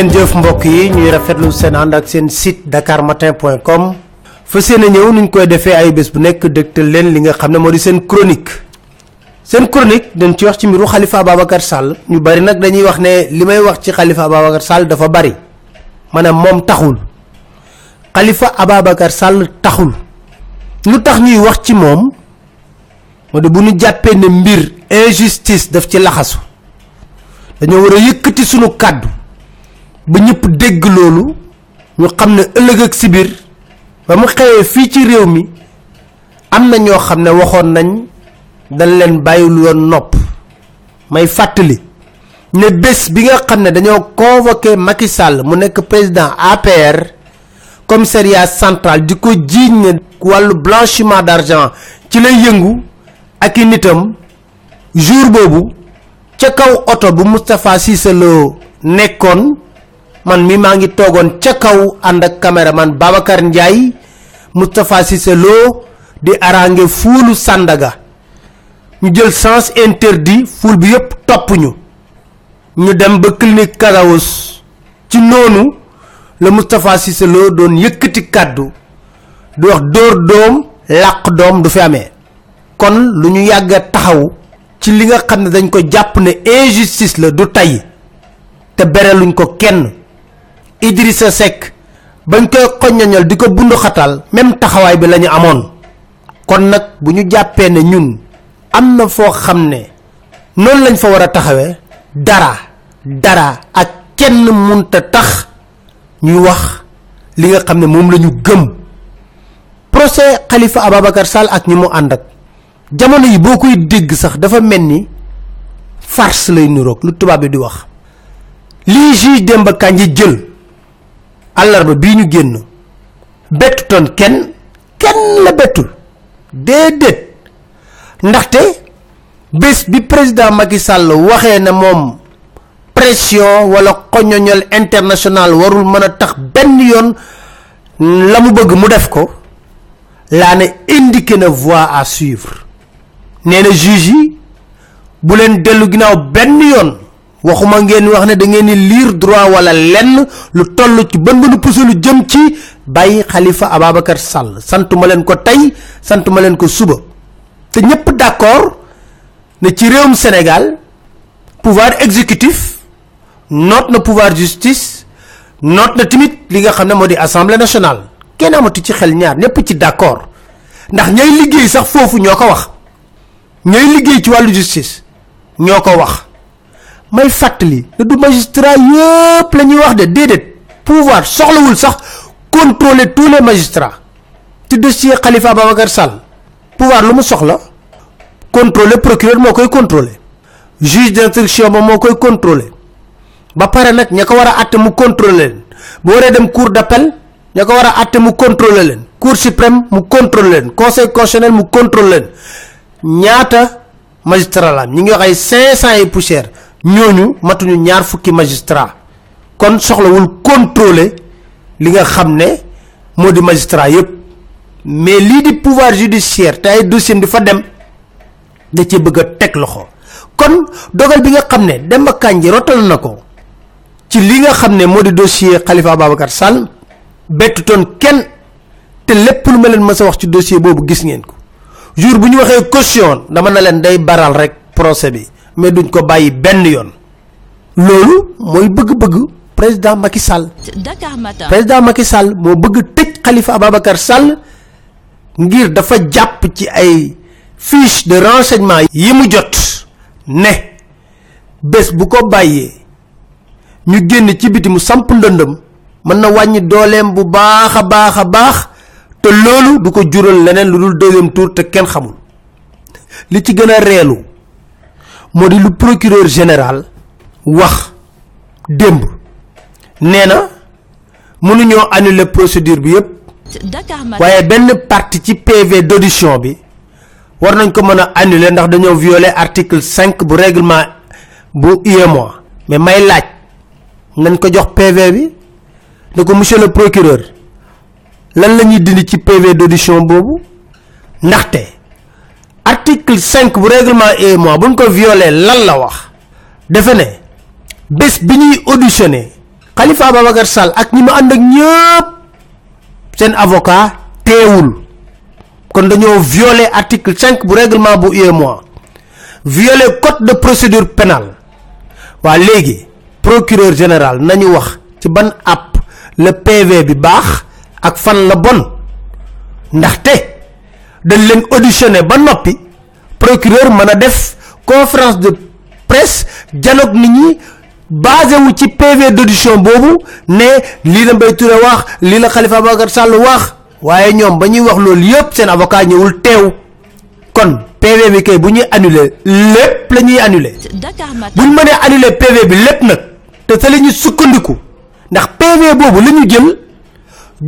ngeen jëf mbokk yi ñuy rafetlu seen ànd ak seen site dakarmatin.com fa seen a ñëw nuñ koy defee ay bés bu nekk dëgtal leen li nga xamne modi seen chronique seen chronique dañ ci wax ci miru khalifa babakar sall ñu bari nak dañuy wax ne limay wax ci khalifa babakar sall dafa bari manam mom taxul khalifa ababakar sall taxul lu tax ñuy wax ci mom modi bu ñu jappé ne mbir injustice daf ci laxasu dañu wara yëkëti suñu kaddu ba ñëpp dégg loolu ñu xam ne ëllëg ak sibir ba mu xewee fii ci réew mi am na ñoo xam ne waxoon nañ dañ leen bàyyil woon nopp may fàttali ne bés bi nga xam ne dañoo convoqué Macky Sall mu nekk président APR commissariat central di ko jiiñ ne wàllu blanchiment d' argent ci lay yëngu ak i nitam jour boobu ca kaw oto bu Moustapha Cissé nekkoon man mi maa ngi toogoon ca kaw ànd ak cameraman babacar mustapha lo di arange fuulu sandaga ñu jël sens interdit ful bi yépp topp ñu ñu dem ba clinique karaos ci noonu le mustapha cissé lo doon yëkkati kàddu di wax dóor doom làq doom du fi amee kon lu ñu yàgg taxaw ci li nga xam dañ ko jàpp ne injustice la du tay te bereluñ ko kenn Idrissa Seck bañ koy diko bundu xatal même taxaway bi lañu amone kon nak buñu jappé né ñun amna fo xamné non lañ fa wara taxawé dara dara ak kenn munta tax ñuy wax li nga xamné mom lañu gëm procès khalifa ababakar sall ak ñimu andak jamono yi bokuy dégg sax dafa melni farce lay nurok lu tuba bi di wax li ji demba kanji jël alarba bi ñu génn bettu ton kenn kenn la bettul déedéet ndaxte bés bi président Macky Sall waxee ne moom pression wala international warul mën a tax benn yoon la mu bëgg mu def ko laa ne indiqué na voie à suivre nee na juge yi bu leen dellu ginnaaw benn yoon waxuma ngeen wax ne da ngeen ni lire droit wala lenn lu toll ci bën bënu pousse lu jëm ci bàyyi xalifa ababacar sall santuma leen ko tey santuma leen ko suba te ñëpp d' accord ne ci réewum sénégal pouvoir exécutif noot na pouvoir justice noot na timit li nga xam ne moo di assemblée nationale kenn amatu ci xel ñaar ñëpp ci d' accord ndax ñay liggéey sax foofu ñoo ko wax ñay liggéey ci wàllu justice ñoo ko wax may fàttali ne du magistrat yépp la ñuy wax de déedéet pouvoir soxlawul sax contrôler tous les magistrats ci dossier Khalifa Babacar Sall pouvoir lu mu soxla contrôler procureur moo koy contrôler juge d'instruction ba moo koy contrôler ba pare nag ña ko war a mu contrôler leen bu waree dem cour d'appel ña ko war a atte mu contrôler leen cour suprême mu contrôler leen conseil constitutionnel mu contrôler leen ñaata magistrat la ñi ngi wax 500 et poussière ñooñu matuñu ñaar fukki magistrat kon soxlawul contrôler li nga xam modi magistrat yépp mais lii di pouvoir judiciaire te ay dossier di fa dem da ci bëgg a loxo kon dogal bi nga xam ne ba kànji rotal na ko ci li nga xam ne moo di dossier xalifa babacar sall bettutoon kenn te lépp lu ma leen wax ci dossier boobu gis ngeen ko jour bu ñu caution dama na leen day baral rek procès bi mais duñ ko bàyyi benn yoon loolu mooy bëgg-bëgg président Macky Sall président Macky Sall moo bëgg tëj Khalifa Ababacar Sall ngir dafa jàpp ci ay fiche de renseignement yi mu jot ne bés bu ko bàyyee ñu génn ci biti mu samp ndëndëm mën na wàññi dooleem bu baax a baax a baax te loolu du ko jural leneen lu dul deuxième tour te kenn xamul li ci gën a moo lu procureur général wax demb nee na mënuñoo annuler procédure bi yépp waaye benn partie ci PV d'audition bi war nañ ko mën a annuler ndax dañoo violer article 5 bu règlement bu UEMOA mais may laaj nañ ko jox PV bi ne ko monsieur le procureur lan la ñuy dindi ci PV d'audition boobu ndaxte article 5 bu règlement UEMOA buñ ko violé lan la wax dafa ne bés bi ñuy auditionné Khalifa Ababacar Sall ak ñi ma ànd ak ñëpp seen avocat teewul kon dañoo violé article 5 bu règlement bu UEMOA violé code de procédure pénale waa léegi procureur général nañu wax ci ban app le PV bi baax ak fan la bon ndaxte dañ leen auditionné ba procureur manadef a def conférence de presse dialogue nit ñi basé wu ci PV d'audition Bobu ne lii la mbay Touré wax lii la Khalifa Ababacar Sall wax waaye ñoom ba ñuy wax loolu seen avocat ñëwul teew kon PV bi kay bu ñuy annulé lépp la ñuy annulé ñu mënee annulé PV bi lépp nag te sa la ñu sukkandiku ndax PV Bobu la ñu jël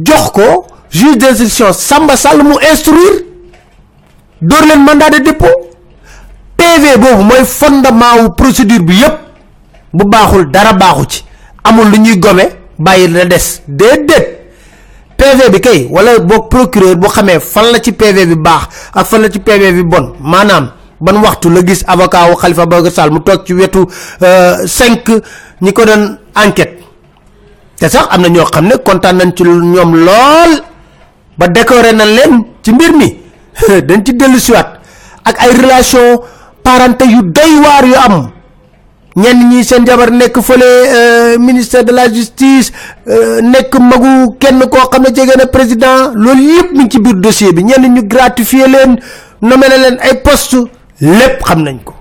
jox ko juge d'instruction Samba Sall mu instruire door len mandat de dépôt pv bobu moy fondement wu procédure bi yépp bu baxul dara baxu ci amul lu ñuy gome bayil la des déedéet pv bi kay wala bok procureur bu xamé fan la ci pv bi bax ak fan la ci pv bi bon manam ban waxtu la gis avocat wu khalifa babacar sall mu tok ci wetu 5 euh, ñi ko doon enquête té sax amna ño xamné contane nañ ci ñom lool ba décorer nañ len ci mbir mi dañ ci delu ci wat ak ay relation parenté yu doy war yu am ñen ñi seen jabar nek feulé euh ministère de la justice euh nek magu kenn ko xamné jégué na président lool yépp mi ci biir dossier bi ñen ñu gratifier leen nomelé leen ay poste lepp xam nañ ko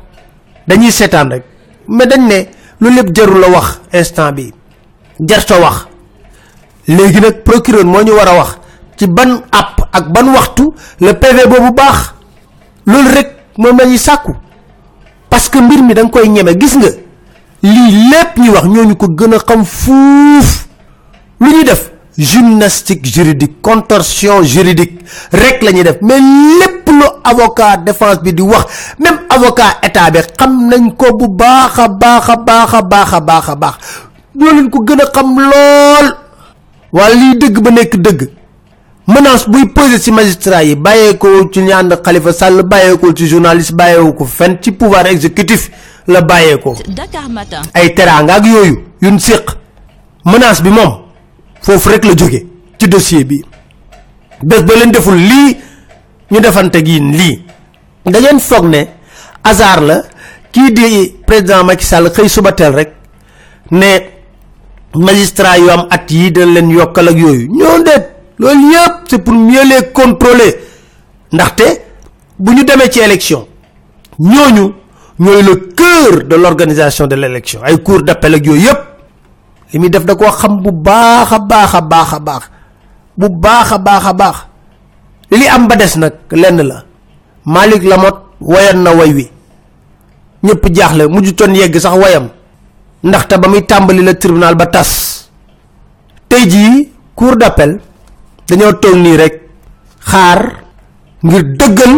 dañuy sétan rek mais dañ né lool yépp jëru la wax instant bi jar wax légui nak procureur mo ñu wara wax ci ban app ak ban le PV bobu le loolu rek parce que mbir mi dang koy ñeme gis nga li lepp ñi wax ñoñu ko xam fouf def gymnastique juridique contorsion juridique rek la def mais lepp lo avocat défense bi di wax même avocat état bi xam nañ ko bu nous baaxa baaxa baaxa baaxa baax ko gëna xam lool ba menace buy poser ci magistrat yi ci Khalifa Sall ci journaliste ko ci pouvoir exécutif la baye Dakar Matin. ay teranga ak menace bi mom fofu rek la dossier bi bés ba leen deful li. ñu defante gi li da la di président Macky Sall ne magistrat yu am at yii leen yokal loolu yépp c'est pour mieux les contrôler ndaxte bu ñu demee ci élection ñooñu ñooy le cœur de l'organisation de l'élection ay cours d'appel ak yooyu yépp li muy def da koo xam bu baax a baax a baax a baax bu baax a baax a baax li am ba des nag lenn la malik lamot wayan na way wi ñëpp jaaxle mujj toon yegg sax wayam ndaxte ba muy tàmbali la tribunal ba tas tey jii cour d'appel dañoo toog nii rek xaar ngir dëggal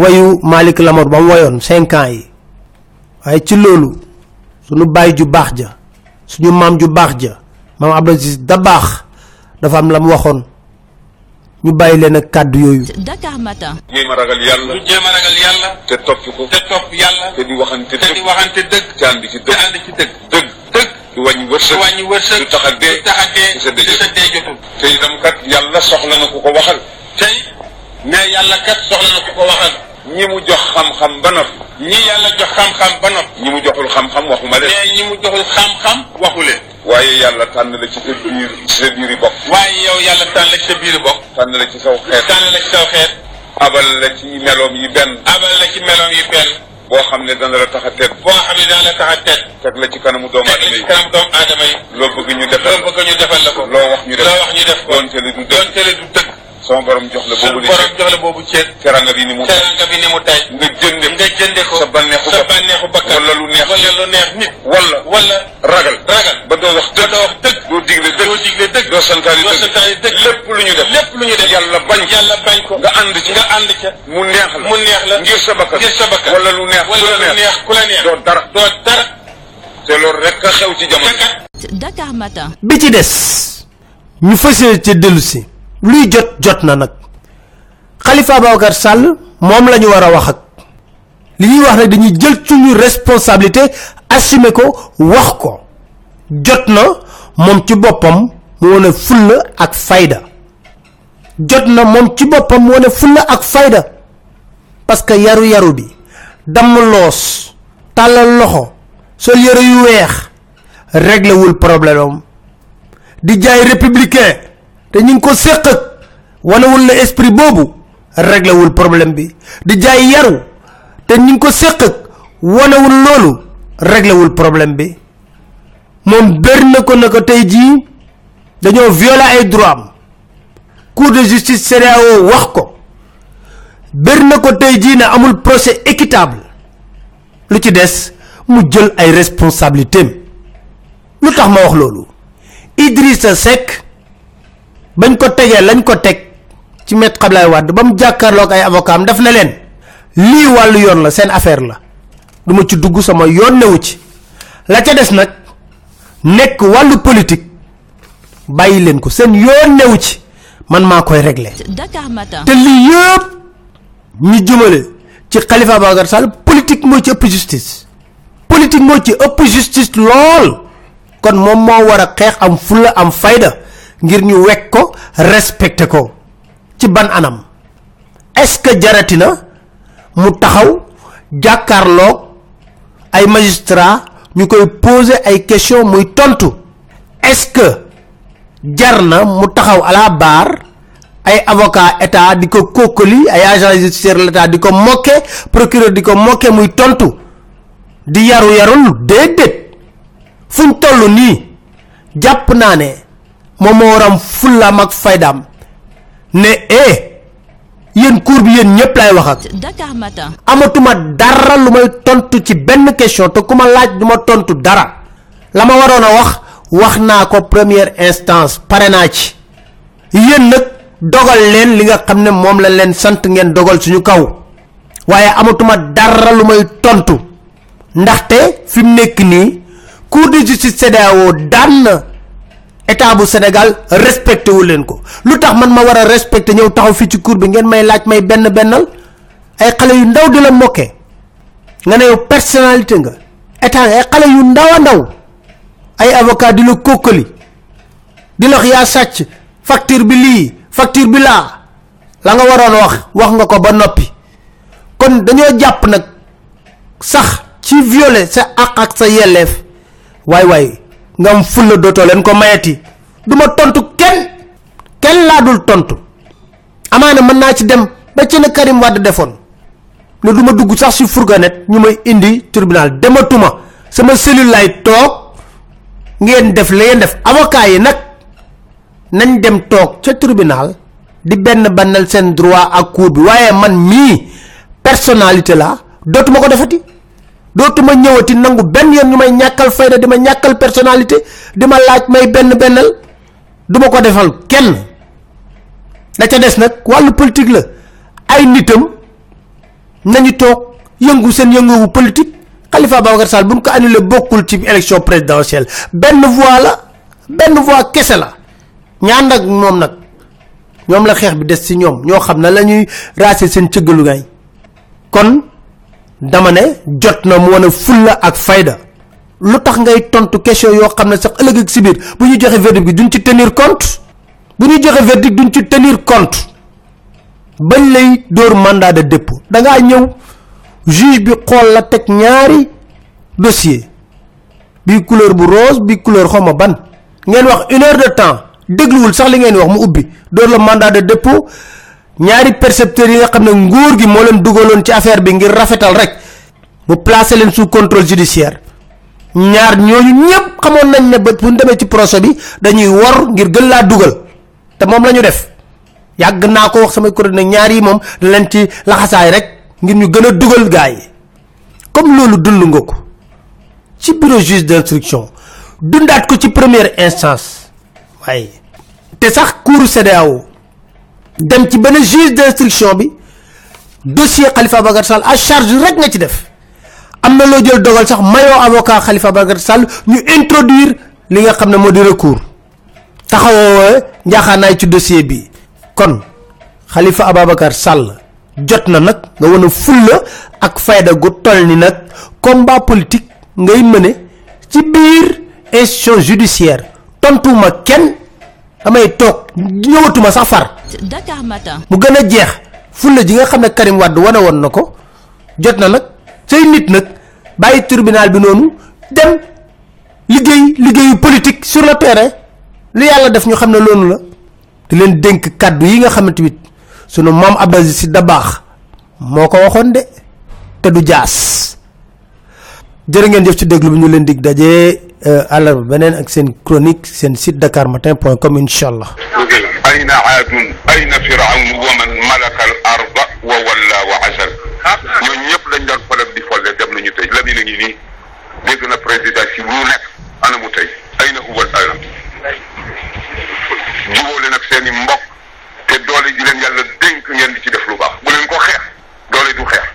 wayu malik lamor ba mu woyoon cinq ans yi waaye ci loolu suñu bàyyi ju baax ja suñu maam ju baax ja maam abdulaziz da baax dafa am lam mu waxoon ñu bàyyi leen ak kàddu yooyu Dakar matin jéem a ragal yàlla jéem a ragal yàlla te topp ko te topp yàlla te di waxante dëgg te di waxante dëgg te ànd ci dëgg te ànd ci dëgg dëgg du wàññi wërsëg du wàññi wërsëg du tax a dee du tax a dee sa dee sa dee jotul te itam kat yàlla soxla na ku ko waxal tey ne yàlla kat soxla na ku ko waxal ñi mu jox xam-xam ba nopp ñi yàlla jox xam-xam ba nopp ñi mu joxul xam-xam waxuma leen mais ñi mu joxul xam-xam waxu leen waaye yàlla tànn la ci sa biir ci sa biir yi bokk waaye yow yàlla tànn la ci sa biir yi bokk tànn la ci saw xeet tànn la ci saw xeet abal la ci meloom yi benn abal la ci meloom yi benn boo xam ne dana la tax a tedd boo xam ne dana la tax a tedd teg la ci kanamu doomu aadama yi ci kanamu doomu aadama yi loo bëgg ñu defal loo bëgg ñu defal la ko loo wax ñu def loo wax ñu def ko doonte li du dëgg doonte li du dëgg sama borom jox la boobu borom jox la boobu ceeb teranga bi ni mu teranga bi ni mu tay nga jënde nga jënde ko sa bànneexu sa bànneexu bakkan wala lu neex wala lu neex nit wala wala ragal ragal ba doo wax dëgg doo wax dëgg doo digle dëgg doo digle dëgg doo santaani dëgg doo santaani dëgg lu ñu def lépp lu ñu def yàlla bañ yàlla bañ ko nga ci nga mu neex la mu neex la ngir sa bakkan ngir sa bakkan wala lu neex wala lu neex ku la neex rek xew ci Dakar matin bi ci dess ñu fessé ci luy jot jot na nak khalifa babacar sall mom lañu wara wax ak li ñuy wax nak dañuy jël suñu responsabilité assumer ko wax ko jot na mom ci bopam mu wone ak fayda jot na moom ci bopam mo ne fulla ak fayda parce que yaru yaru bi dam loos talal loxo sol yëre yu wex régler wul problème di jay républicain te ñing ko sekk ak na esprit bobu régler wul problème bi di jay yaru te ñing ko sekk ak wanewul loolu wul problème bi mom bernako ko na ko violer ay droits cour de justice CDAO wax ko ber na ko tey jii ne amul procès équitable lu ci des mu jël ay responsabilités lu tax ma wax loolu idrissa sek bañ ko tegee lañ ko teg ci met xablaay wadd ba mu jàkkaarloog ay avocat am daf ne leen lii wàllu yoon la seen affaire la du ma ci dugg sama yoon newu ci la ca des nag nekk wàllu politique bàyyi leen ko seen yoon newu ci man maa koy regle? te lii yëpp ñu jëmale ci Khalifa Ababacar Sall politique moo ci ëpp justice politique moo ci ëpp justice lool kon moom moo war a xeex am fulla am fayda ngir ñu wekk ko respecté ko ci ban anam est ce que jaratina mu taxaw jàkkaarloog ay magistrat ñu koy poser ay question muy tontu est ce que jarna mu taxaw ala bar ay avocat état diko kokoli ay agent judiciaire l'état diko ko procureur diko muy tontu di yaru yarul japunane fuñ tollu ni japp naane ne waram ak faydam ne eh yeen cour bi yeen ñepp lay wax ak Dakar matin amatuma dara lu may tontu ci ben question to kuma laaj duma tontu dara lama warona wax wax naa ko première instance pare naa ci yéen nag dogal leen li nga xam ne moom la leen sant ngeen dogal suñu kaw waaye amatuma dara lu may tontu ndaxte fi mu nekk nii cour de justice CEDEAO daan na état bu sénégal respecté wu leen ko lu tax man ma war a respecté ñëw taxaw fii ci cour bi ngeen may laaj may benn bennal ay xale yu ndaw di la mokke nga ne yow personnalité nga état ay xale yu ndaw a ndaw ay avocat di la kokkali di la yaa sàcc facture bi lii facture bi laa la nga waroon wax wax nga ko ba noppi kon dañoo jàpp nag sax ci violer sa ak ak sa yelleef waay waay nga am fulla dootoo leen ko mayati duma tontu kenn kenn laa dul tontu amaana mën naa ci dem ba ci na karim wadd defoon ne duma dugg sax si fourgonnette ñu indi tribunal dematuma sama cellule lay toog ngeen def la yeen def avocat yi nak nañ dem tok ci tribunal di ben banal sen droit à cour bi waaye man mi personnalité la dotuma ko defati dotuma ñewati nangu ben yeen ñumay may fayda di ma personnalité di ma laaj may ben benal duma ko defal kenn da ca dess nak walu politique la ay nitam nañu tok yëngu sen yëngu politique Khalifa Babacar Sall buñ ko annulé bokul ci élection présidentielle ben voix la ben voix kessé la ñaan nak mom nak ñom la xex bi dess ci ñom ño xam lañuy seen gay kon dama ne jot na mu wone fulla ak fayda lutax ngay tontu question yo xamne sax ëlëg ak sibir bu ñu joxe verdict bi duñ ci tenir compte bu ñu joxe verdict duñ ci tenir compte bañ lay door mandat de dépôt da nga juge bi xol la tek ñaari dossier bi couleur bu rose bi couleur xoma ban ngeen wax une heure de temps dégluwul sax li ngeen wax mu ubbi door la mandat de dépôt ñaari percepteur yi nga xamne ne nguur gi mo leen dugaloon ci affaire bi ngir rafetal rek mu placer leen sous contrôle judiciaire ñaar ñooñu ñepp xamoon nañ ne bu demee ci procès bi dañuy wor ngir gën laa dugal te moom la ñu def yàgg naa ko wax samay kuréel ne ñaar yi moom dañ leen ci laxasaay rek ngir ñu gën a dugal gaay comme loolu dund nga ko ci bureau juge d'instruction dundaat ko ci première instance waaye te sax cour CDAO dem ci benn juge d'instruction bi dossier Khalifa Bagar Sall à charge rek nga ci def am na jël dogal sax mayoo avocat Khalifa Bagar Sall ñu introduire li nga xam ne moo di recours taxawoo njaaxaanaay ci dossier bi kon Khalifa Ababacar Sall jot na nak nga wana full ak fayda gu toll ni nak combat politique ngay mené ci bir institution judiciaire tontuma ken amay tok ñewatuma sax far Dakar matin bu gëna jeex full ji nga wano Karim wad wane won nako jot na nak say nit nak bàyyi tribunal bi nonu dem liggéey liggéeyu politique sur le terrain li yalla def ñu xam ne la di len denk kaddu yi nga xamanteni sunu mam abdul si dabax moko waxon de te du jass jere ngeen jëf ci déglu bi ñu leen dig dajé alal euh, benen ak seen chronique seen site dakarmatin.com inshallah aina aadun aina fir'aun wa man malaka al wa walla wa asal ñoo ñep lañ doon problème di folé dem nañu tay la mi ngi ni dégg na président ci nek ana mu tay aina huwa al-alam jubóole nag seeni mbokk te doole ji leen yalla dénk ngeen di ci def lu baax bu leen ko xeex doole du xeex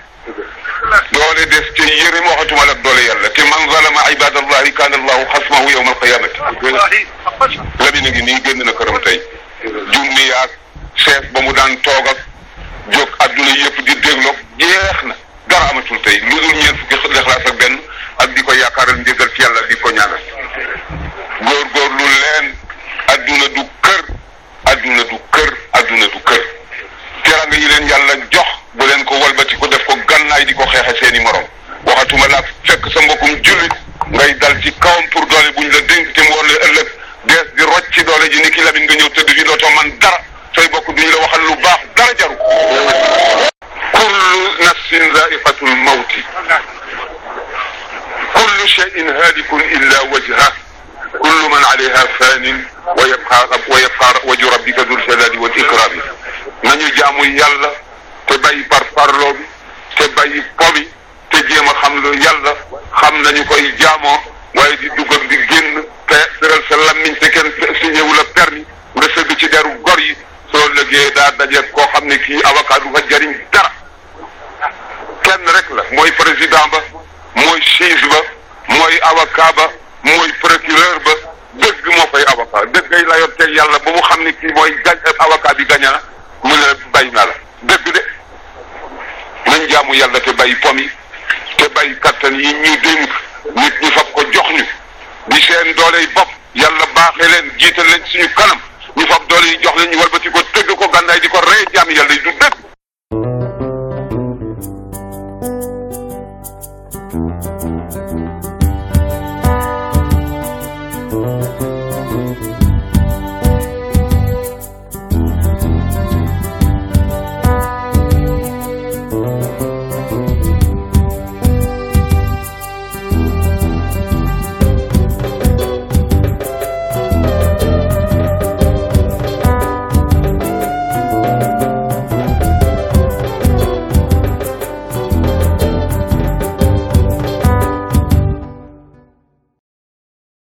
doole des ci yëre moo xatuma la doole yàlla te man zalama ibadallahi kana allahu xasmahu yawma alqiyamati labina gi nii génn na këram tey junni yaag chef ba mu daan toog ak jóg adduna yëpp di dégloog jeex na dara amatul tey lu dul ñeent fukki lexlaas ak benn ak di ko yaakaaral njëgal ci yàlla di ko ñaanal góorgóorlu leen adduna du kër adduna du kër adduna du kër teraanga yi leen yàlla jox bu leen ko walbati ko def ko gànnaay di ko xeexe seeni morom waxatuma la fekk sa mbokkum jullit ngay dal ci kawam pour ëllëgee daa dajeeg koo xam ne kii avocat du fa jariñ dara kenn rek la mooy président ba mooy juge ba mooy avocat ba mooy procureur ba dëgg moo fay avocat dëggay la yor teg yàlla ba mu xam ne kii mooy gañ avocat bi gañ na mu ne bay na la dëgg de nañ jaamu yàlla te bay pom yi te bay kattan yi ñu dénk nit ñi fab ko jox ñu di seen dooley bopp yàlla baaxee leen jiital leen suñu kanam Nous sommes doole yi jox parce ñu walbati ko tëgg ko gànnaay di ko rey vie. yàlla